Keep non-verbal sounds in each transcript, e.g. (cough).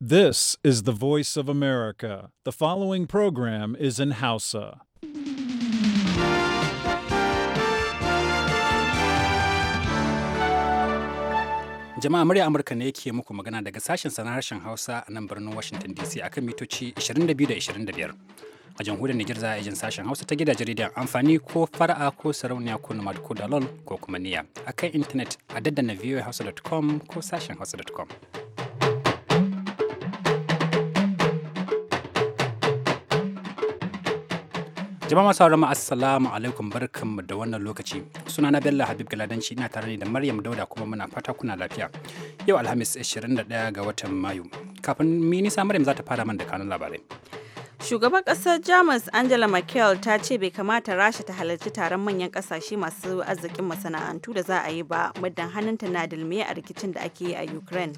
This is the voice of America. The following program is in Hausa. Jama'a murya Amurka ne ke muku magana daga sashen sana harshen Hausa a nan birnin Washington DC akan mitoci 22 da 25. A jamhuriyar Nijar za a jin sashen Hausa ta gidajen rediyon amfani ko fara'a ko sarauniya ko nomad ko dalol ko kuma niya. A kan intanet a daddana voahausa.com ko sashen hausa.com. Jama'a masu haramu assalamu alaikum barkan da wannan lokaci. Sunana Bello Habib Galadanci ina tare ne da Maryam Dauda kuma muna fata kuna lafiya. Yau Alhamis 21 ga watan Mayu. Kafin minisa Maryam za ta fara man da kanun labarai. Shugaban kasar Jamus Angela Merkel ta ce bai kamata Rasha ta halarci taron manyan kasashe masu arzikin masana'antu da za a yi ba muddin hannunta na dalmiye a rikicin da ake yi a Ukraine.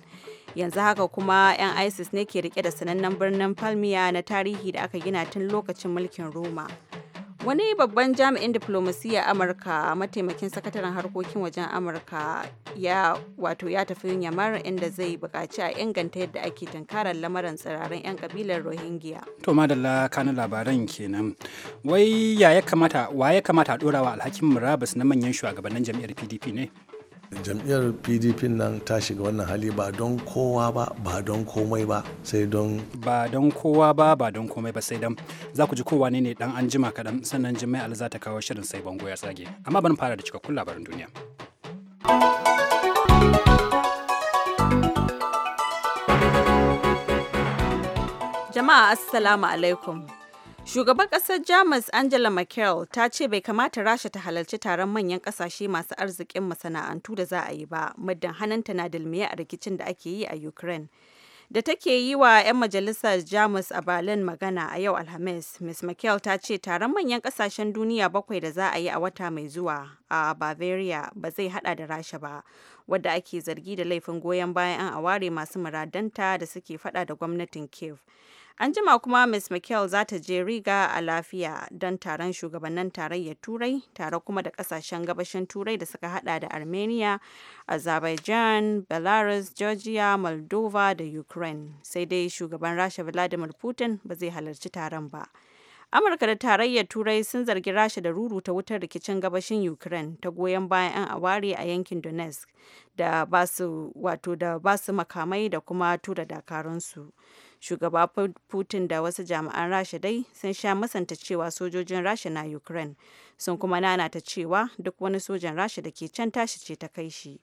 Yanzu haka kuma 'yan ISIS ne ke rike da sanannen birnin Palmiya na tarihi da aka gina tun lokacin mulkin Roma. Wani babban jami'in a Amurka mataimakin sakataren harkokin wajen Amurka ya wato ya tafi Yamar inda zai bukaci a inganta yadda ake tunkarar lamarin tsirarin 'yan kabilar Rohingya. To madalla kanin labaran kenan. Wai ya kamata wa ya kamata a ɗora alhakin murabus na manyan shugabannin jami'ar PDP ne? jam'iyyar pdp nan ta shiga wannan hali ba don kowa ba ba don komai ba sai don ba don kowa ba ba don komai ba sai don za ku ji kowa ne ne dan anjima kaɗan sannan jimai za ta kawo shirin sai bango ya tsage amma ban fara da cikakkun labarin duniya jama'a assalamu alaikum Shugaban kasar Jamus Angela Merkel ta ce bai kamata Rasha ta halarci taron manyan kasashe masu arzikin masana'antu da za a yi ba, muddin hannunta na dalmiye a rikicin da ake yi a Ukraine. Da take yi wa 'yan majalisar Jamus a Berlin magana a yau Alhamis, Ms. Merkel ta ce taron manyan kasashen duniya bakwai da za a yi a wata mai zuwa a Bavaria ba zai hada da Rasha ba, wadda ake zargi da laifin goyon bayan an aware masu muradanta da suke fada da gwamnatin Kiev. An jima kuma Ms. Merkel za ta je Riga a lafiya don taron shugabannin tarayyar Turai, tare kuma da kasashen gabashin Turai da suka hada da Armenia, Azerbaijan, Belarus, Georgia, Moldova da Ukraine. Sai dai shugaban Rasha Vladimir Putin ba zai halarci taron ba. Amurka da tarayyar Turai sun zargi Rasha da ruru ta wutar rikicin gabashin Ukraine ta goyon bayan 'yan aware a yankin Donetsk da basu wato da basu makamai da kuma tura dakarunsu. shugaba putin da wasu jami'an rasha dai sun sha masanta cewa sojojin rasha na ukraine sun kuma nanata cewa duk wani sojan rasha da ke can tashi ce ta kai shi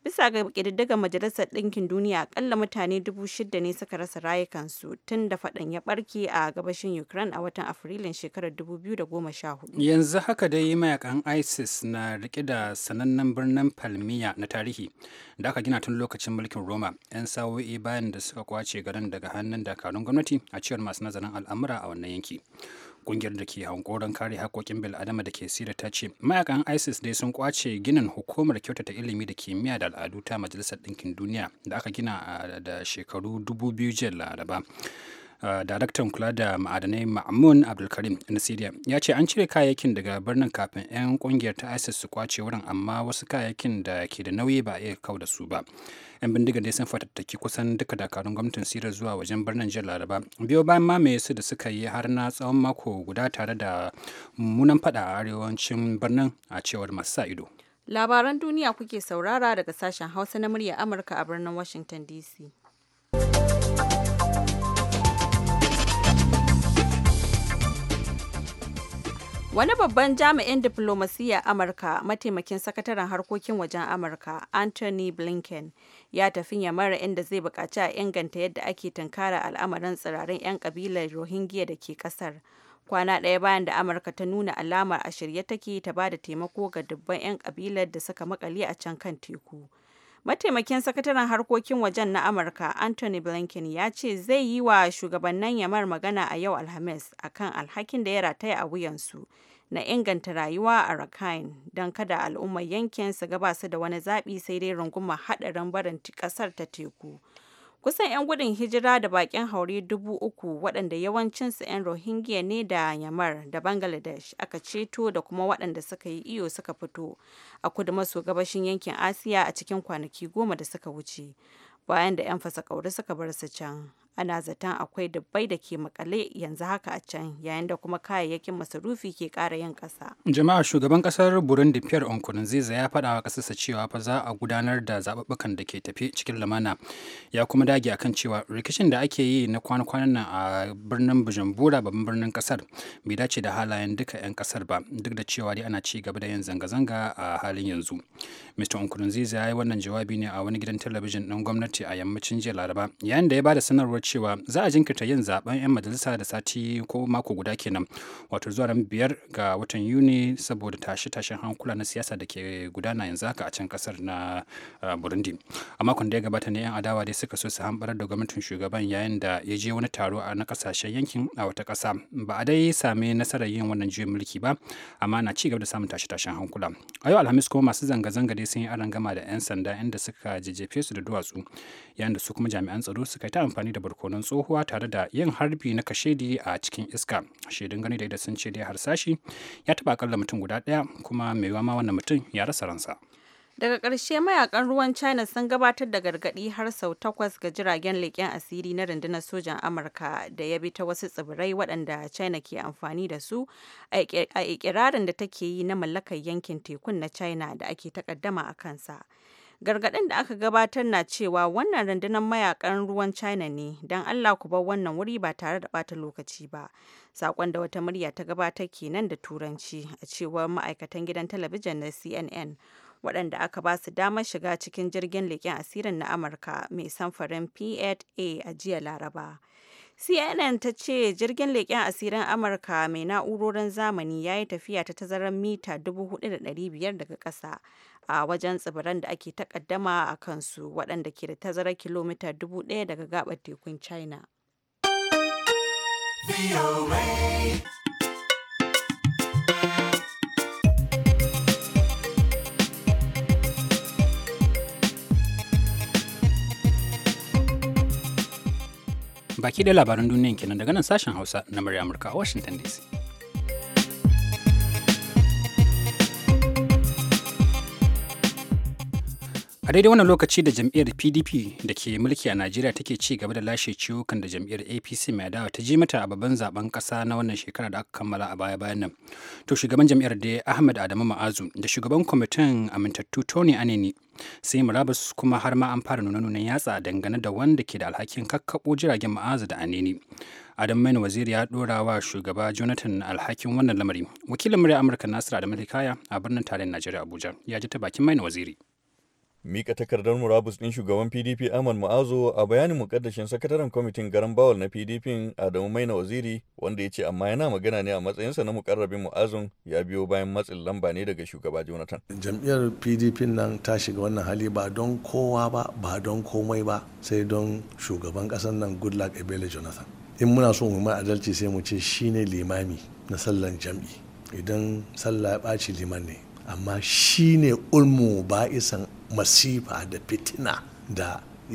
Bisa ga ƙididdigar Majalisar Ɗinkin Duniya, akalla mutane dubu shida ne suka rasa rayukansu tun da faɗan ya ɓarke a gabashin Ukraine a watan Afrilun shekarar 2014. Yanzu haka dai mayakan ISIS na rike da sanannen birnin Palmiya na tarihi da aka gina tun lokacin mulkin Roma 'yan sa'o'i bayan da suka kwace garin daga hannun dakarun gwamnati a cewar masu nazarin al'amura a wannan yanki. kungiyar da ke hankoron kare haƙoƙin bil'adama da ke sira ta ce mayakan isis dai sun kwace ginin hukumar kyautata ilimi da kimiyya da al'adu ta majalisar ɗinkin duniya da aka gina da shekaru dubu biyu jiya laraba daraktan kula da ma'adanai ma'amun abdulkarim na syria ya ce an cire kayayyakin daga birnin kafin 'yan kungiyar ta isis su kwace wurin amma wasu kayayyakin da ke da nauyi ba a iya kau da su ba 'yan bindigar dai sun fatattaki kusan duka dakarun gwamnatin syria zuwa wajen birnin jiya laraba biyo bayan mamaye su da suka yi har na tsawon mako guda tare da mummunan fada a arewacin birnin a cewar masu sa ido labaran duniya kuke saurara daga sashen hausa na murya amurka a birnin washington dc Wani babban jami'in diflomasiyya Amurka, mataimakin sakataren harkokin wajen Amurka, Anthony Blinken, ya tafi Yamara inda zai bukaci a inganta yadda ake tunkara al'amarin tsirarin 'yan kabilar Rohingya da ke ƙasar. Kwana ɗaya bayan da Amurka ta nuna alamar a shirye take ta ba da taimako ga dubban 'yan kabilar da suka makale a can kan teku. Mataimakin sakataren harkokin wajen na Amurka Anthony Blinken ya ce zai yi wa shugabannin Yamar magana a yau Alhamis akan alhakin da ya rataya a wuyansu na inganta rayuwa a Rakhine don kada al'ummar yankin su gaba da wani zaɓi sai dai rungumar haɗarin barin ƙasar ta teku. Kusan 'yan gudun hijira da bakin haure dubu uku waɗanda yawancinsu 'yan Rohingya ne da Myanmar da Bangladesh aka ceto da kuma waɗanda suka yi iyo suka fito a kudu maso gabashin yankin Asiya a cikin kwanaki goma da suka wuce bayan da 'yan fasa fasakauri suka bar su can. ana zaton akwai dubbai da ke makale yanzu haka a can yayin da kuma kayayyakin masarufi ke ƙara yin ƙasa. jama'a shugaban kasar burundi pierre nkurunziza ya faɗa wa kasarsa cewa fa za a gudanar da zaɓuɓɓukan da ke tafi cikin lamana ya kuma dage akan cewa rikicin da ake yi na kwana-kwanan nan a birnin bujumbura babban birnin kasar bai dace da halayen duka 'yan kasar ba duk da cewa dai ana ci gaba da yin zanga-zanga a halin yanzu mr nkurunziza ya yi wannan jawabi ne a wani gidan talabijin ɗin gwamnati a yammacin jiya laraba yayin da ya ba da sanarwar sanarwar cewa za a jinkirta yin zaben 'yan majalisa da sati ko mako guda kenan wato zuwa ran biyar ga watan yuni saboda tashe-tashen hankula na siyasa da ke gudana yanzu haka a can kasar na burundi a makon da ya gabata ne 'yan adawa dai suka so su hambarar da gwamnatin shugaban yayin da ya je wani taro a na kasashen yankin a wata kasa ba a dai sami nasarar yin wannan juyin mulki ba amma na ci gaba da samun tashe-tashen hankula a yau alhamis kuma masu zanga-zanga dai sun yi arangama da 'yan sanda inda suka jajjefe su da duwatsu yayin da su kuma jami'an tsaro suka yi ta amfani da barkonon tsohuwa tare da yin harbi na kashedi a cikin iska shaidun gani da sun ce dai harsashi ya taba akalla mutum guda daya kuma mai ma wannan mutum ya rasa ransa daga karshe mayakan ruwan china sun gabatar da gargaɗi har sau takwas ga jiragen leƙen asiri na rundunar sojan amurka da ya bi ta wasu tsibirai waɗanda china ke amfani da su a ikirarin da take yi na mallakar yankin tekun na china da ake takaddama a kansa gargaɗin da aka gabatar na cewa wannan rundunar mayakan ruwan china ne don allah ku bar wannan wuri ba tare da bata lokaci ba sakon da wata murya ta gabatar ke nan da turanci a cewar ma'aikatan gidan talabijin na cnn waɗanda aka ba su damar shiga cikin jirgin leƙen asirin na amurka mai samfarin p8a a jiya laraba CNN ta ce jirgin leƙen asirin Amurka mai na'urorin zamani ya yi tafiya ta tazarar mita 4,500 daga ƙasa a wajen tsibiran da ake takaddama a kansu waɗanda ke da tazarar kilomita 1,000 daga gabar tekun China. Baki da labaran duniyan kenan daga nan sashen Hausa na murya Amurka a Washington DC. a daidai wannan lokaci da jam'iyyar pdp da ke mulki a najeriya take ci gaba da lashe ciwukan da jam'iyyar apc mai adawa ta ji mata a babban zaben kasa na wannan shekara da aka kammala a baya bayan nan to shugaban jam'iyyar da ahmad adamu ma'azu da shugaban kwamitin amintattu tony aneni sai murabus kuma har ma an fara nuna-nunan yatsa dangane da wanda ke da alhakin kakkaɓo jiragen ma'azu da aneni adam main waziri ya dora wa shugaba jonathan alhakin wannan lamari wakilin murya amurka nasiru adamu hikaya a birnin tarayyar najeriya abuja ya ji ta bakin main waziri mika takardar murabus ɗin shugaban pdp aman mu'azu a bayanin mukaddashin sakataren kwamitin garan bawal na pdp adamu maina waziri wanda ya ce amma yana magana ne a matsayinsa na mukarrabin mu'azun ya biyo bayan matsin lamba ne daga shugaba jonathan jam'iyyar pdp nan ta shiga wannan hali ba don kowa ba ba don komai ba sai don shugaban ƙasar nan goodluck ebele jonathan in muna so mu mai adalci sai mu ce shine limami na sallan jam'i idan sallah ya ɓaci liman ne amma shi ne ulmu ba'isan masifa da fitina da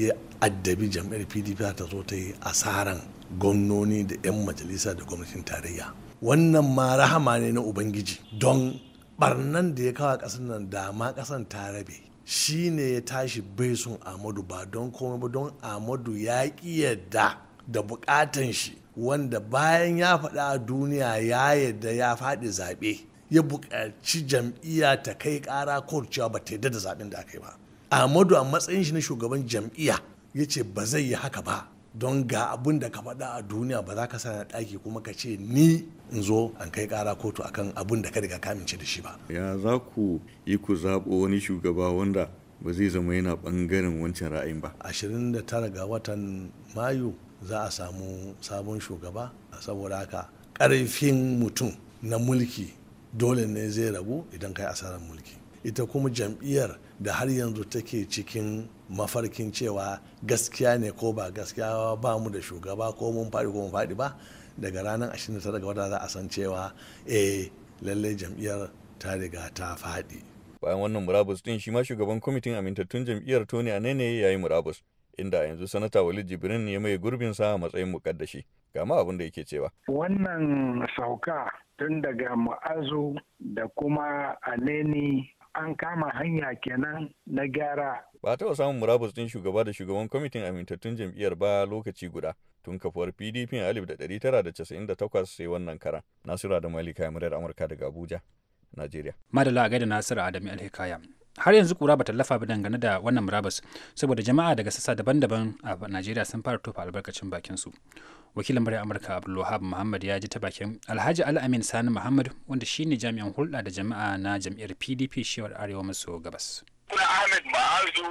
ya addabi jam'iyyar pdp ta zo ta yi asaran gwamnoni da 'yan majalisa da gwamnatin tarayya wannan ma rahama ne na ubangiji don barnan da ya kawo ƙasar nan da ma ƙasan ta rabe shi ne ya tashi bai sun amadu ba don komai ba don amadu ya ƙi yadda da buƙatan shi wanda bayan ya faɗa a duniya ya yadda ya faɗi zaɓe ya buƙaci jam'iyya ta kai ƙara ko cewa ba ta yadda da zaɓen da aka yi ba Amadu a matsayin shi na shugaban jam'iyya ya ce ba zai yi haka ba don ga abin da ka faɗa a duniya ba za ka sa ɗaki kuma ka ce ni in zo an kai ƙara kotu akan abin da ka riga kamince da shi ba ya za ku yi ku zaɓo wani shugaba wanda ba zai zama yana ɓangaren wancan ra'ayin ba ashirin da tara ga watan mayu za a samu sabon shugaba saboda haka ƙarfin mutum na mulki dole ne zai rabu idan kai asarar mulki ita kuma jam'iyyar da har yanzu take cikin mafarkin cewa gaskiya ne ko ba gaskiya ba mu da shugaba ko mun faɗi ko mun faɗi ba daga ranar 29 ga wata za a san cewa eh lallai jam'iyyar ta riga ta faɗi. bayan wannan murabus din shi ma shugaban kwamitin amintattun jam'iyyar tony anene ya yi murabus inda yanzu sanata walid jibrin ne mai gurbinsa a matsayin mukaddashi ga ma abin da yake cewa wannan sauka tun daga ma'azu da kuma aleni an kama hanya kenan na gyara ba taɓa samun murabus ɗin shugaba da shugaban kwamitin amintattun jam'iyyar ba lokaci guda tun kafuwar pdp a 1998 sai wannan karan adamu da malika murar amurka daga abuja najeriya madala a gaida nasira adamu alhikaya har yanzu kura bata lafa ba dangane da wannan murabus saboda jama'a daga sassa daban-daban a najeriya sun fara tofa albarkacin bakin su wakilin murya amurka abdulwahab muhammad ya ji ta bakin alhaji al'amin sani muhammad wanda shine jami'an hulɗa da jama'a na jam'iyyar pdp shewar arewa maso gabas ahmed ma'azu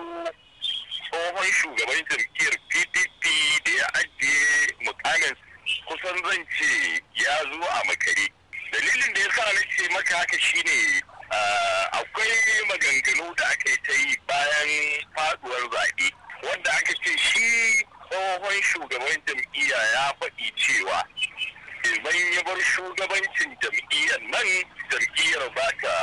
tsohon shugaban jam'iyyar pdp da ya ajiye mukamin kusan zan ce ya zo a makare dalilin da ya sa na ce maka haka shine akwai maganganu da aka yi ta yi bayan faduwar zaɓe wanda aka ce shi tsohon shugaban jam'iyya ya faɗi cewa idan ya bar shugabancin jam'iyyar nan jam'iyyar ba ta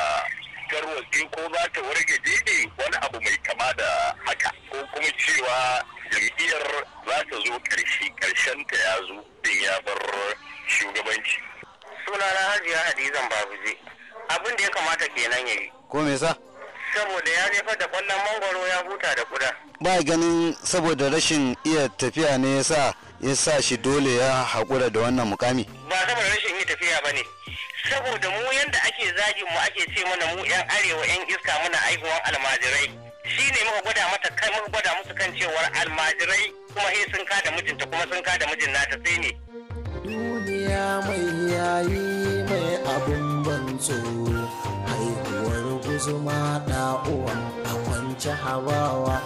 tarwatse ko za ta warge daidai wani abu mai kama da haka ko kuma cewa jam'iyyar za ta zo ƙarshe ta ya zo din ya bar shugabanci. sunana hajiya hadizan babuje abin da ya kamata kenan ya yi. ko me sa? saboda ya nefa da kwallon mangoro, ya huta da kuda ba ganin saboda rashin iya tafiya ne yasa ya sa shi dole ya haƙura da wannan mukami ba saboda rashin iya tafiya ba ne saboda mu yanda ake zagin mu ake ce mana mu yan arewa yan iska muna aihuwan almajirai shi ne muka gwada mata kai muka gwada musu kan cewar almajirai kuma he sun da mijinta kuma sun da mijin nata sai ne duniya mai yayi mai abin ban tsoro zuma da uwa a kwanci hawawa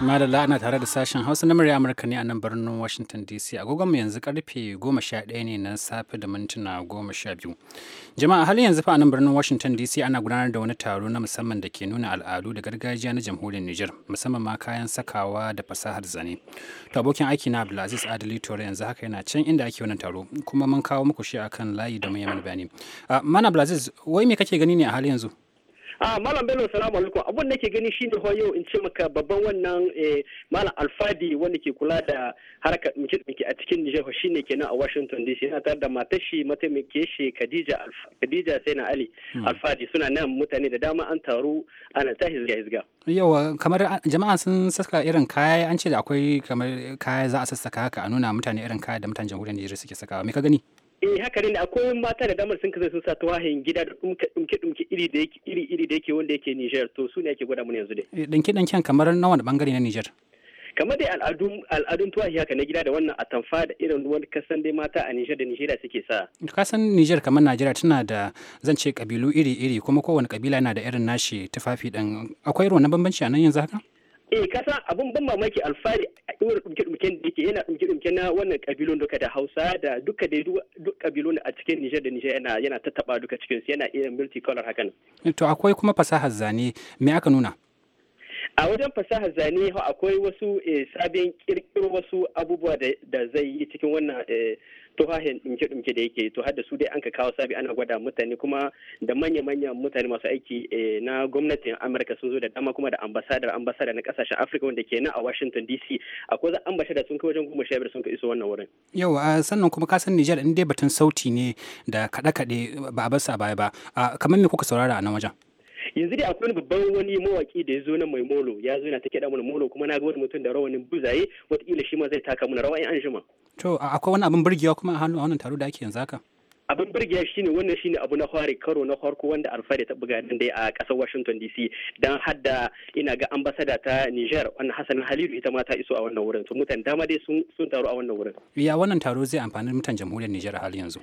Madalla ana tare da sashen Hausa na murya Amurka ne a nan birnin Washington DC. mu yanzu karfe 11 ne na safe da mintuna 12. Jama'a halin yanzu fa a nan birnin Washington DC ana gudanar da wani taro na musamman da ke nuna al'adu da gargajiya na jamhuriyar Nijar, musamman ma kayan sakawa da fasahar zane. To abokin aiki na Abdulaziz Adili Tore yanzu haka yana can inda ake wannan taro, kuma mun kawo muku shi akan layi da mun yi bayani. Ah, mana Abdulaziz, wai me kake gani ne a halin yanzu? a ah, malam bello salamu alaikum abun da ke gani shine ho yau in ce maka babban wannan eh, malam alfadi wanda ke kula da harkar muke a cikin Niger shine kenan a Washington DC yana tare da matar shi mataimake shi Khadija Khadija Saina Ali hmm. alfadi suna nan mutane da dama an taru ana ta hizga hizga yau kamar jama'a sun saka irin kaya an ce da akwai kamar kaya za a sassaka haka a nuna mutane irin kaya da mutanen jamhuriyar Niger suke sakawa me ka gani eh haka ne akwai mata da damar sun kasance sun sa tuwahin gida da dumke dumke iri da yake iri iri da yake wanda yake Niger to su ne ake gwada mana yanzu dai dinki eh, dinkin kamar na wani bangare na Niger kamar dai al'adun al'adun tuwahi haka na gida da wannan atamfa da irin wani kasan dai mata a Niger da Nigeria suke sa kasan Niger kamar Najeriya tana da zan ce kabilu iri iri kuma kowane kabila yana da irin nashi tufafi din akwai ruwan bambanci a nan yanzu haka eh kasa abun ban mamaki alfahari a ɗora ɗumke-ɗumken da yake yana ɗumke-ɗumke na wannan ƙabilun duka da hausa da duka da duk ƙabilun a cikin nijar da nijar yana yana tattaɓa duka cikin su yana iya multicolor hakan. Eh, to akwai kuma fasahar zane me aka nuna. a wajen fasahar zane akwai wasu eh, sabon kirkiro wasu abubuwa da zai yi cikin wannan eh, tuhahin ɗumke-ɗumke da yake to har da su dai an ka kawo sabi ana gwada mutane kuma da manya-manyan mutane masu aiki eh, na gwamnatin amurka sun zo da dama kuma da ambasadar ambasadar na kasashen afirka wanda ke na a washington dc akwai za ambasada sun kai wajen goma sha biyar sun ka iso wannan wurin Yau, sannan kuma kasan nijar in dai batun sauti ne da kaɗe-kaɗe ba a bar sa baya ba kamar me kuka saurara a nan wajen yanzu dai akwai babban wani mawaki da ya zo na mai molo ya zo na ta kiɗa mana molo kuma na ga wani mutum da rawanin buzaye wataƙila shi ma zai taka mana rawa in an jima. To akwai wani abin burgewa kuma a hannun wannan taro da ake yanzu haka? abin birgiya shine wannan shine abu na fari karo na farko wanda alfari ta buga nan dai a kasar Washington DC dan hadda ina ga ambasada ta Niger wannan Hassan Halilu ita ma ta iso a wannan wurin to mutan dama dai sun sun taro a wannan wurin ya wannan taro zai amfani mutan jamhuriyar Niger a hali yanzu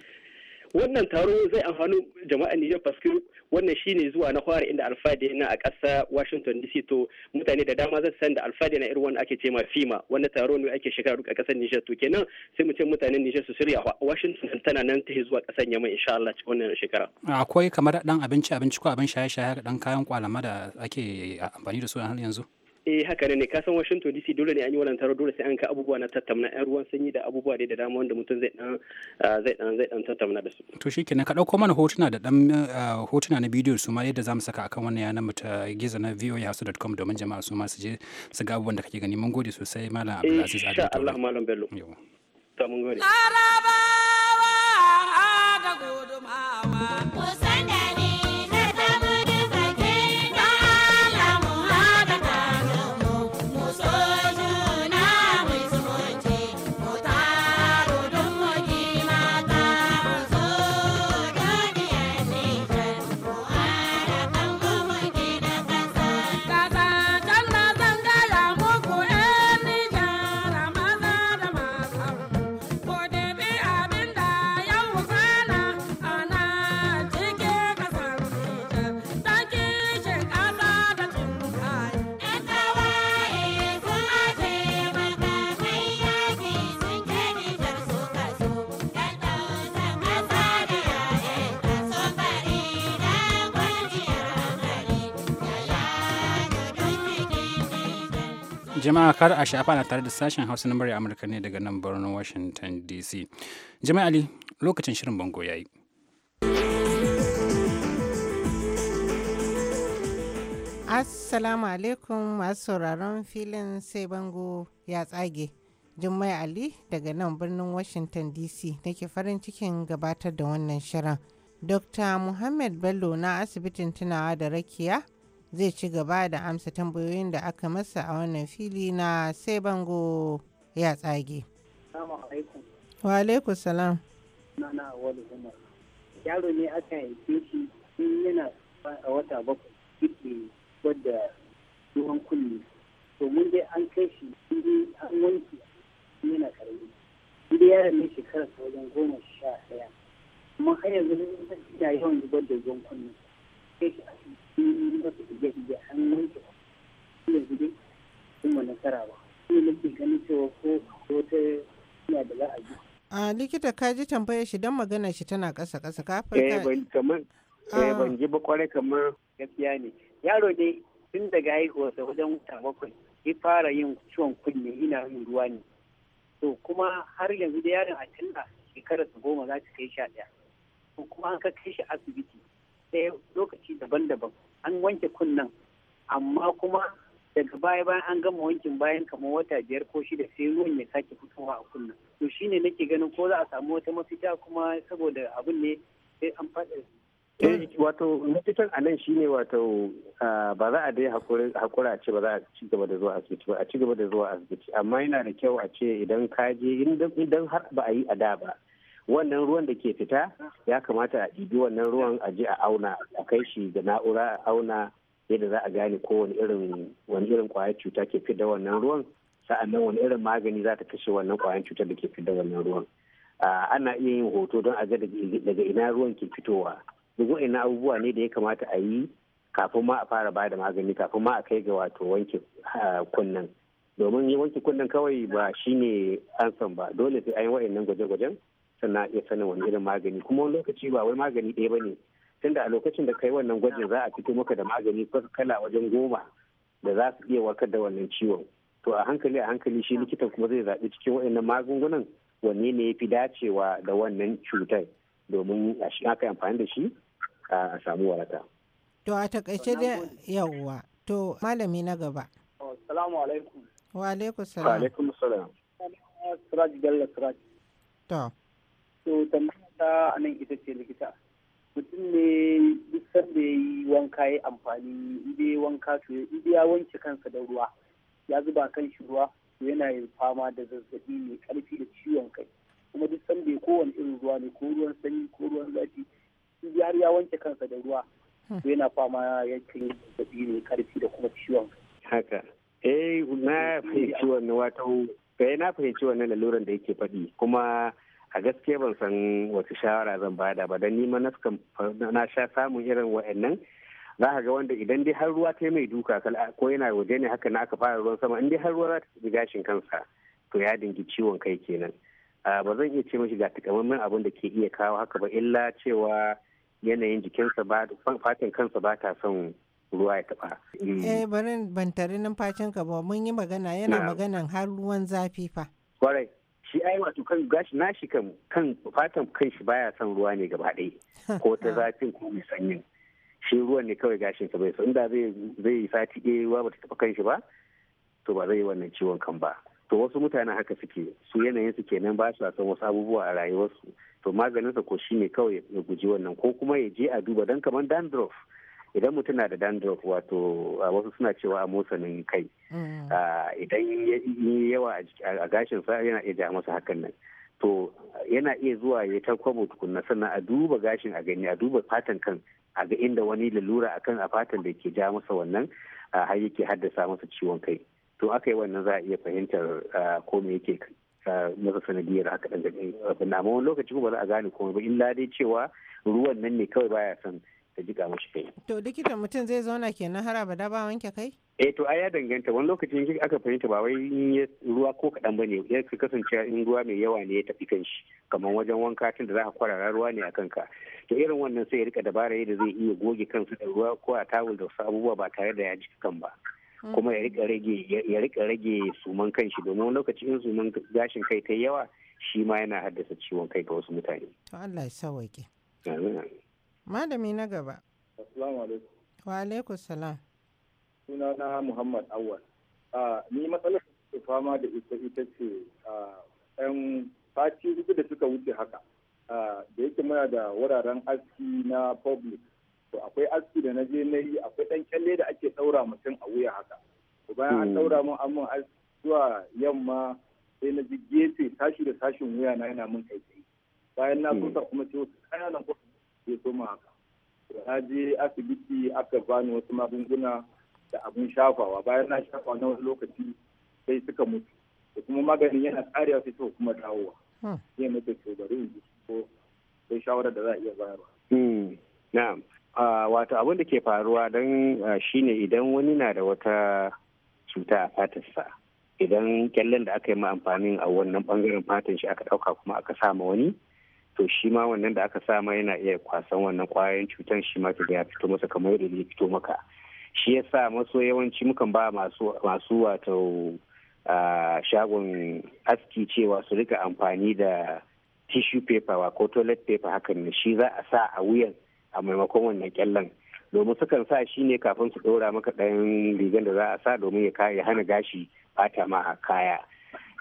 wannan taro zai amfani jama'a Nijar Paske wannan shine zuwa na fara inda Alfade na a ƙasa Washington DC to mutane da dama zai san da Alfade na irin ake ce ma FIMA wannan taro ne ake shekara duka ƙasar Nijar to kenan sai mu ce mutanen Nijar su shirya Washington tana nan ta zuwa ƙasar Yamma insha Allah wannan shekara. Akwai kamar dan abinci abinci ko abin shaye-shaye da dan kayan kwalama da ake amfani da su a yanzu. eh haka ne ka san Washington DC dole ne an yi wannan dole sai an ka abubuwa na tattauna ɗan ruwan sanyi da abubuwa da dama wanda mutum zai dan ah, zai dan zai dan tattauna da su to kenan ka dauko mana hotuna da dan ah, hotuna na bidiyo su ma yadda zamu saka akan wannan yanar mu ta gizo na voahouse.com domin jama'a su ma su je su ga abubuwan da kake gani mun gode sosai malam Abdulaziz Adamu insha Allah malam Bello ta mun gode Larabawa ga gudumawa jama'a kar a shafa na tare da sashen hausa na murya amurka ne daga nan birnin washington dc jama'a ali lokacin shirin bango yayi. assalamu alaikum masu sauraron filin sai bango ya tsage jummai ali daga nan birnin washington dc nake farin cikin gabatar da wannan shirin dr muhammad bello na asibitin tunawa da rakiya zai ci gaba da amsa tambayoyin da aka masa a wannan fili na sai bango ya tsage. Wa alaikum salam. na wani zama. Yaro ne aka haife shi in yana a wata bakwai ciki wadda ruwan kunne. To mun dai an kai shi in an wanke yana karbi. dai yaron ne shekarar wajen goma sha ɗaya. Kuma har yanzu ne yawan zubar da ruwan kunne. Kai shi asibiti. a likita ka ji tambayar shi don magana shi tana ƙasa ƙasa ka eh, ban kamar eh, ah. ji ba kwarai kamar gaskiya ne yaro ne tun daga haihuwarsa wajen wata bakwai ya fara yin ciwon kunne ina yin ruwa ne to kuma har yanzu da yaron a tilla shekarar goma za ta kai sha ɗaya to kuma an ka kai shi asibiti ɗaya lokaci daban-daban an wanke kunnen amma kuma daga baya bayan an gama wankin bayan kamar wata biyar ko shida sai ruwan ya sake fitowa a kunnen to shine nake ganin ko za a samu wata mafita kuma saboda abin ne sai an faɗa eh, wato mafitan a nan shine wato ba za a dai hakura a ce ba za a ci gaba da zuwa asibiti ba a ci gaba da zuwa asibiti amma yana da kyau a ce idan ka je idan har ba a yi a da ba wannan ruwan da ke fita ya kamata a ɗibi wannan ruwan a ji a auna a kai shi da na'ura a auna yadda za a gane ko wani irin wani irin ƙwayar cuta ke fidda wannan ruwan sa'annan wani irin magani za ta kashe wannan ƙwayar cutar da ke fidda wannan ruwan ana iya yin hoto don a ga daga ina ruwan ke fitowa duk wa'in abubuwa ne da ya kamata a yi kafin ma a fara bada magani kafin ma a kai ga wato wanke kunnen domin wanke kunnen kawai ba shine ansan ba dole sai an yi wa'annan gwaje-gwajen sannan a iya sanin wani irin magani kuma wani lokaci ba wai magani ɗaya ba ne tunda a lokacin da kai wannan gwajin za a fito maka da magani kala wajen goma da za su iya warkar da wannan ciwon to a hankali a hankali shi likitan kuma zai zaɓi cikin wa'annan magungunan wanne ne ya fi dacewa da wannan cutar domin a shi aka amfani da shi a samu waraka. To a takaice da yawwa to malami na gaba. salamu alaikum. Wa alaikum salam. Wa alaikum salam. Siraj Bello Siraj. To. to tambaya ta a nan ita ce likita mutum ne duk sanda ya yi wanka ya amfani idan ya wanka to idan ya wanke kansa da ruwa ya zuba kan shi ruwa to yana yin fama da zazzabi mai karfi da ciwon kai kuma duk sanda ya kowane irin ruwa ne ko ruwan sanyi ko ruwan zafi idan har ya wanke kansa da ruwa to yana fama yankin zazzabi mai karfi da kuma ciwon kai haka eh na fahimci wannan wato eh na fahimci wannan laluran da yake faɗi kuma a gaske ban san wace shawara zan bada ba don nima na sha samun irin wa'annan za ka ga wanda idan dai har ruwa ta yi mai duka ko yana waje ne haka na aka fara ruwan sama in dai har ruwa za ta tafi gashin kansa to ya dingi ciwon kai kenan ba zan iya ce mashi ga takamaiman abin da ke iya kawo haka ba illa cewa yanayin jikinsa ba fatin kansa ba ta son ruwa ya taba. Mm. Eh bari ban tare numfashinka ba mun yi magana yana maganan har ruwan zafi fa. Kwarai shi ai wato kan gashi nashi kan kan fatan kan shi baya son ruwa ne gaba ɗaya (laughs) ko ta zafin ko mai sanyin shi ruwan ne kawai gashin sa bai san da zai zai sati ɗaya ruwa bata tafi kan shi ba to ba zai yi wannan ciwon kan ba to wasu mutane haka suke su yanayin su kenan ba su san wasu abubuwa a rayuwarsu to maganinsa ko shi ne kawai ya guji wannan ko kuma ya je a duba dan kamar dandruff idan mutum na da dandruff wato wasu suna cewa a motsanin kai mm. idan yawa a gashin sa yana iya ja masa hakan nan to yana iya zuwa ya ta kwabo tukunna sannan a duba gashin a gani a duba fatan kan a ga inda wani lalura a kan a fatan da ke ja masa wannan har yake haddasa masa ciwon kai to aka yi wannan za a iya fahimtar ko me yake masa sanadiyar haka ɗan amma wani lokaci ba za a gane komai ba in dai cewa ruwan nan ne kawai baya son ta kai to likita mutum zai zauna kenan har abada ba wanke kai eh to ai ya danganta wani lokacin in aka fahimta ba wai in ya ruwa ko kaɗan bane ya kasance in ruwa mai yawa ne ya tafi kan shi kamar wajen wanka tun da za a kwarara ruwa ne a kanka to irin wannan sai ya rika dabara yadda zai iya goge kansu da ruwa ko a tawul da wasu abubuwa ba tare da ya ji kan ba kuma ya rika rage ya rika rage suman kanshi domin lokacin in suman gashin kai ta yawa shi ma yana haddasa ciwon kai ga wasu mutane to Allah ya sauke Malami na gaba. Assalamu alaikum. Wa alaikum salam. Suna na Muhammad Awal. Ni matsalar da fama da ita ita ce ‘yan sati hudu da suka wuce haka. Da yake muna da wuraren aski na public. To akwai aski da na je na yi akwai ɗan kyalle da ake ɗaura mutum a wuya haka. To bayan an hmm. ɗaura mun an mun aski zuwa yamma sai na ji gefe sashi da sashin wuya na yana mun kai Bayan na hmm. kusa kuma ce wasu ƙananan kusa ya soma na je asibiti aka bani wasu magunguna da abin shafawa bayan na shafa na wani lokaci sai suka mutu da kuma maganin yana karewa sai suka kuma dawowa hmm. sai mace ce bari in ko sai shawarar da za a iya bayarwa hmm. na'am ah, wato abin da ke faruwa don ah, shine idan wani na da wata cuta a fatarsa idan kyallen da aka yi ma amfanin a wannan bangaren fatan shi aka dauka kuma aka sama wani to shi ma wannan da aka sa ma yana iya kwasan wannan kwayoyin cutar shi ma ya fito masa kamar yadda ya fito maka shi ya sa maso yawanci mukan ba masu masu wato shagon aski cewa su rika amfani da tissue paper wa ko toilet paper hakan ne shi za a sa a wuyan a maimakon wannan kyallan domin sukan sa shi ne kafin su ɗora maka ɗayan rigar da za a sa domin ya hana gashi bata ma a kaya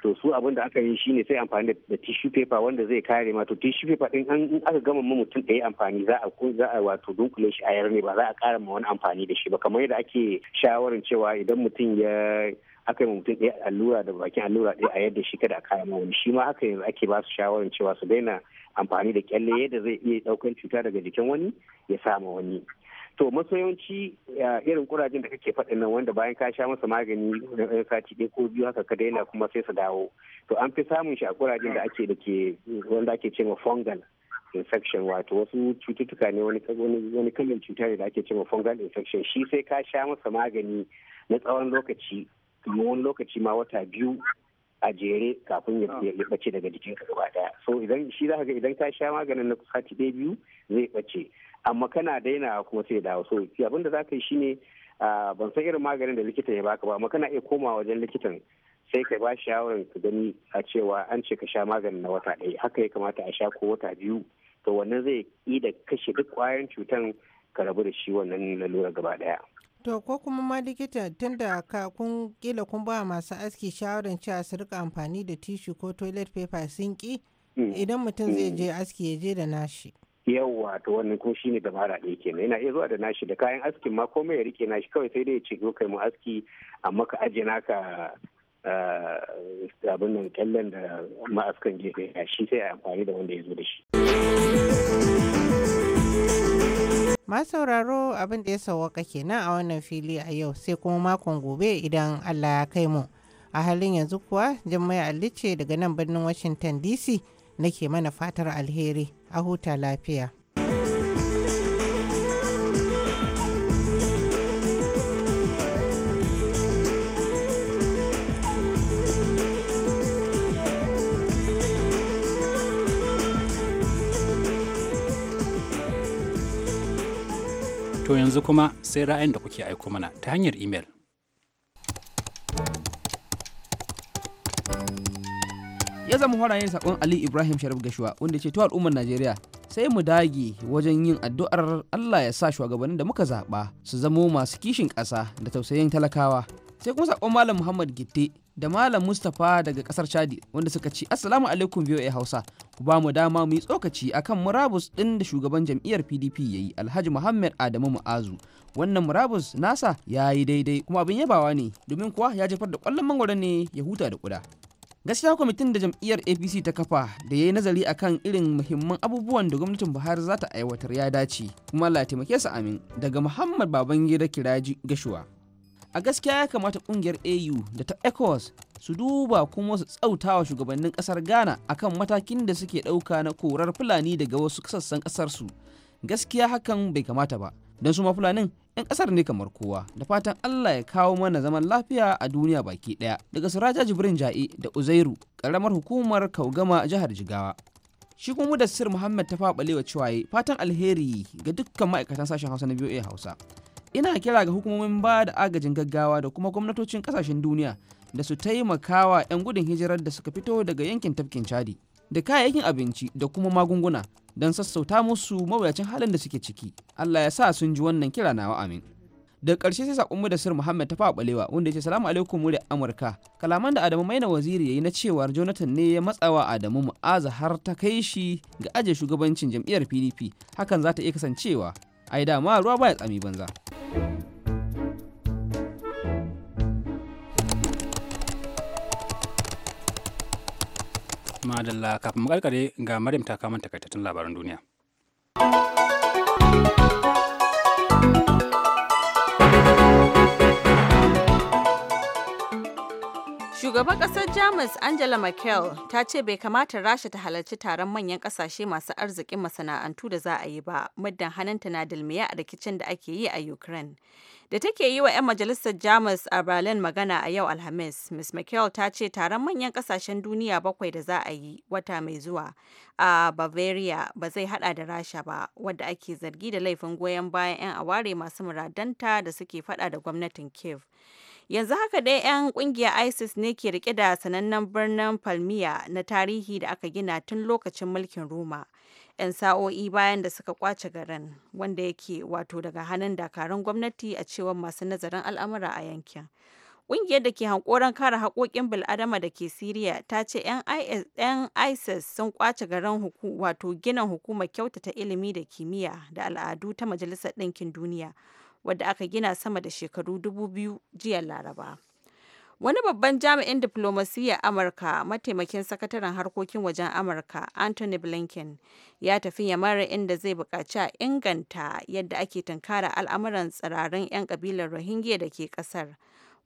to su abin da aka yi shine sai amfani da tissue paper wanda zai kare ma to tissue paper din an aka gama ma mutum da ya amfani za a ko za a wato dunkule shi a yar ne ba za a kara ma wani amfani da shi ba kamar yadda ake shawarin cewa idan mutum ya aka yi mutum ɗaya allura da bakin allura ɗaya a yadda shi kada a kara ma wani shi ma aka yanzu ake ba su shawarin cewa su daina amfani da kyalle yadda zai iya ɗaukan cuta daga jikin wani ya sa sama wani to masoyanci irin kurajen da kake faɗin nan wanda bayan ka sha masa magani na sati ɗaya ko biyu haka ka daina kuma sai su dawo to an fi samun shi a kurajen da ake da ke wanda ake cewa fungal infection wato wasu cututtuka ne wani wani cuta ne da ake cewa fungal infection shi sai ka sha masa magani na tsawon lokaci lokaci ma wata biyu a jere kafin ya bace daga jikinka gaba daya so idan shi za ga idan ka sha maganin na sati ɗaya biyu zai bace amma kana daina kuma sai dawo so abin da za ka yi shine ban san irin maganin da likitan ya baka ba amma kana iya koma wajen likitan sai ka ba shawarar ka gani a cewa an ce ka sha maganin na wata ɗaya haka ya kamata a sha ko wata biyu to wannan zai yi da kashe duk kwayan cutan ka rabu da shi wannan lalura gaba daya. To ko kuma ma likita tunda ka kun kila kun ba masu aski shawarar cewa su rika amfani da tishu ko toilet paper sun ki mm. idan mutum zai mm. je aski ya je da nashi. yawwa to wannan kuma shine dabara ɗaya kenan yana iya zuwa da nashi da kayan askin ma komai ya rike nashi kawai sai dai ya ce zo kai mu aski amma ka ajina naka eh, abin nan kyallen da ma'askan gefe shi sai a amfani da wanda ya zo da shi. Ma sauraro abin da ya sauwaka kenan a wannan fili a yau sai kuma makon gobe idan Allah ya kai mu. A halin yanzu kuwa Jummai allice ce daga nan birnin Washington DC nake mana fatar alheri. a huta lafiya. To yanzu kuma sai ra'ayin da kuke aiko mana ta hanyar imel. ya zama horayen sakon ali ibrahim sharif gashuwa wanda ce to al'ummar najeriya sai mu dage wajen yin addu'ar allah ya sa shugabannin da muka zaɓa su zamo masu kishin ƙasa da tausayin talakawa sai kuma sakon malam muhammad gitte da malam mustapha daga kasar chadi wanda suka ci assalamu alaikum voa hausa ku ba mu dama mu yi tsokaci akan murabus din da shugaban jam'iyyar pdp yayi alhaji muhammad adamu mu'azu wannan murabus nasa yayi daidai kuma abin yabawa ne domin kuwa ya jefar da kwallon mangwaro ne ya huta da kuda gaskiya kwamitin da jam'iyyar apc ta kafa da ya yi nazari akan irin muhimman abubuwan da gwamnatin buhari za ta aiwatar ya dace kuma allah taimake su amin daga muhammad babangida kiraji gashuwa a gaskiya ya kamata kungiyar au da ta ecos su duba kuma su tsauta wa shugabannin kasar ghana akan matakin da suke ɗauka na korar fulani daga wasu sassan ƙasarsu, gaskiya hakan bai kamata ba don su ma fulanin 'yan kasar ne kamar kowa da fatan allah ya kawo mana zaman lafiya a duniya baki ɗaya. daga suraja jibrin ja'i da uzairu ƙaramar hukumar kaugama jihar jigawa shi kuma sir muhammad ta faɓalewa ciwaye fatan alheri ga dukkan ma'aikatan sashen hausa na BOA hausa ina kira ga hukumomin ba da agajin gaggawa da kuma gwamnatocin kasashen duniya da su taimakawa 'yan gudun hijirar da suka fito daga yankin tafkin chadi da kayayyakin abinci da kuma magunguna don sassauta musu mawuyacin halin da suke ciki Allah ya sa sun ji wannan kira nawa amin da ƙarshe sai sakon mu da sir Muhammad ta faɓalewa wanda ya ce salamu alaikum mu Amurka kalaman da Adamu Maina waziri ya yi na cewar Jonathan ne ya matsawa Adamu Mu'aza har ta kai shi ga aje shugabancin jam'iyyar PDP hakan za ta iya kasancewa ai dama ruwa baya tsami banza Madalla kafin mu karkare ga Maryam ta kamun takaitattun labaran duniya. Shugaban kasar Jamus Angela Merkel ta ce bai kamata Rasha ta halarci taron manyan kasashe masu arzikin masana'antu da za a yi ba, muddin hannunta na dalmiya a rikicin da ake yi a Ukraine. Da take yi wa 'yan majalisar Jamus a Berlin magana a yau Alhamis, Ms. Merkel ta ce taron manyan kasashen duniya bakwai da za a yi wata mai zuwa a Bavaria ba zai hada da Rasha ba, wadda ake zargi da laifin goyon bayan 'yan aware masu muradanta da suke fada da gwamnatin Kiev. Yanzu haka dai 'yan kungiyar ISIS ne ke rike da sanannen birnin Palmyra na tarihi da aka gina tun lokacin mulkin Roma. 'Yan sa'o'i bayan da suka kwace garin wanda yake wato daga hannun dakarun gwamnati a cewar masu nazarin al'amura a yankin. kungiyar da ke hankoron kare haƙoƙin bil'adama da ke Siriya ta ce 'yan ISIS sun kwace garin wato ginin hukumar kyautata ilimi da kimiyya da al'adu ta Majalisar Ɗinkin Duniya wadda aka gina sama da shekaru dubu biyu jiya Laraba. Wani babban jami'in diflomasiyyar Amurka, mataimakin sakataren harkokin wajen Amurka, Anthony Blinken, ya tafi yamar inda zai buƙaci a inganta yadda ake tunkara al'amuran tsirarin 'yan ƙabilar Rohingya da ke ƙasar.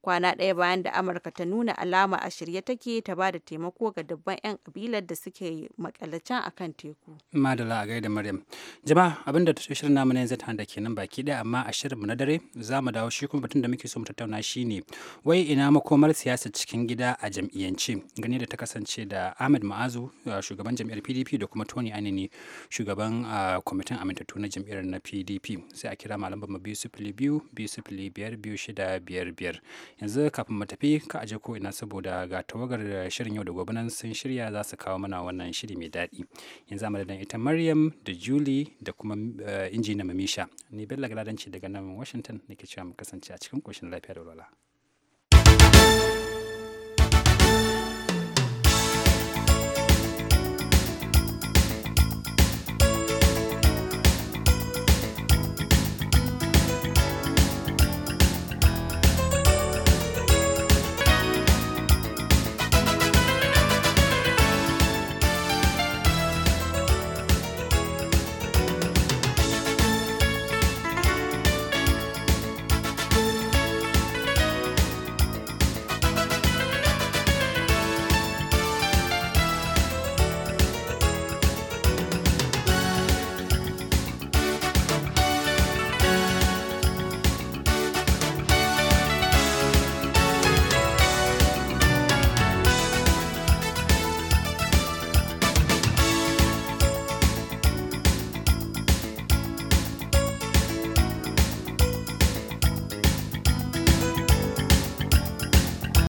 kwana ɗaya bayan da amurka ta nuna alama a shirye take ta ba da taimako ga dubban 'yan kabilar da suke makalacin a kan teku madala a gaida maryam jama'a abin da shirin namu na yanzu ta da kenan baki ɗaya amma a shirinmu na dare za mu dawo shi kuma batun da muke so mu tattauna shi ne wai ina makomar siyasa cikin gida a jam'iyyance gani da ta kasance da ahmed ma'azu shugaban jam'iyyar pdp da kuma tony anini shugaban kwamitin amintattu na jam'iyyar na pdp sai a kira malam Bamba biyu sifili biyu biyu sifili biyar biyu shida biyar biyar yanzu kafin mu tafi ka aje ko ina saboda ga tawagar da shirin yau da gobe nan sun shirya za su kawo mana wannan shiri mai daɗi yanzu a madadin ita maryam da julie da kuma eh, injina mamisha ni bella galadanci daga nan washington nake cewa mu kasance a cikin koshin lafiya da walwala